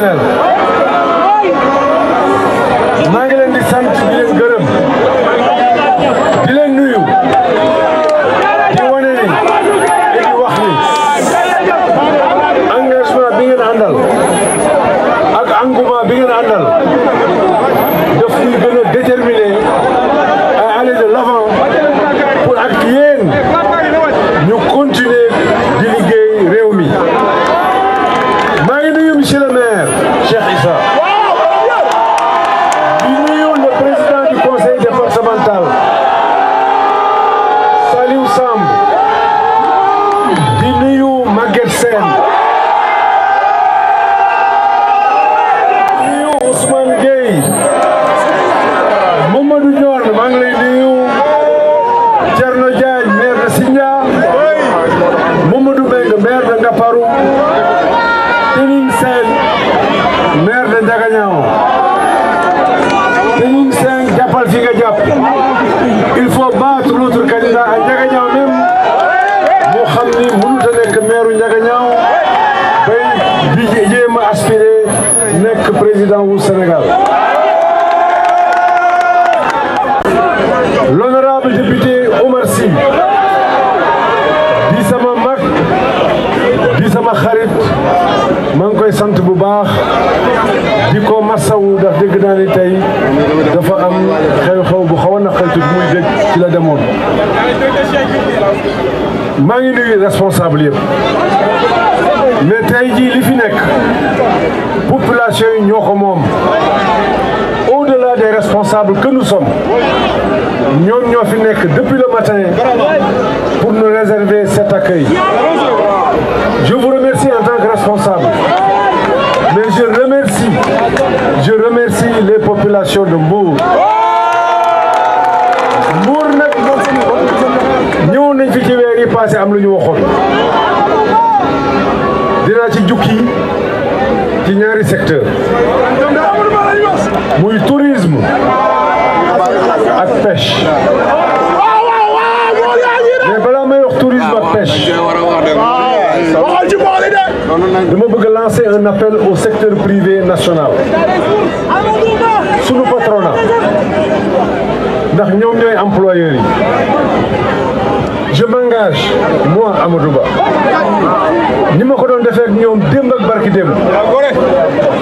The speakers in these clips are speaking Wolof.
professionnel maa ngi leen di sant di leen gërëm di leen nuyu di wane ni di wax ni engagement bi ngeen àndal ak engouement bi ngeen àndal Samb di nuyu Maguette Sène moo xam ni mënut a nekk maire Ndiaganiao bay di jéem a aspiré nekk président wu Sénégal l'honorable député Omar Sy di sama mag xarit maa ngi koy sant bu baax di ko masawu ndax dégg naa ni tey dafa am xew-xew bu xaw a naqal tuuti ci la demoon responsable mais Taïdi population au-delà des responsables que nous sommes ñoo depuis le matin pour nous réserver cet accueil je vous remercie en tant que responsable mais je remercie je remercie les populations de Mbou. passé am lu ñu waxoon dinaa ci jukki ci ñaari secteur muy tourisme ak pêche a pas may wax tourisme ak pêche dama bëgg lancer un appel au secteur privé national le patronat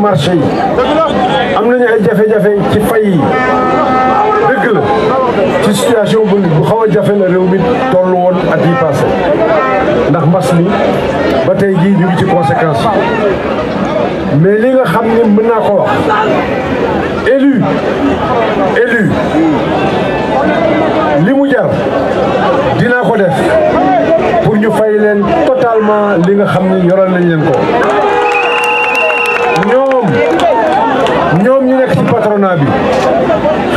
marché yi am nañu ay jafe-jafe ci fay yi dëgg la ci situation bu bu xaw a jafe la réew mi toll woon at yi passé ndax mbas mi ba tey jii ñu ngi ci conséquence mais li nga xam ne mën naa ko wax élu élu li mu jar dinaa ko def pour ñu fay leen totalement li nga xam ni yoral nañ leen ko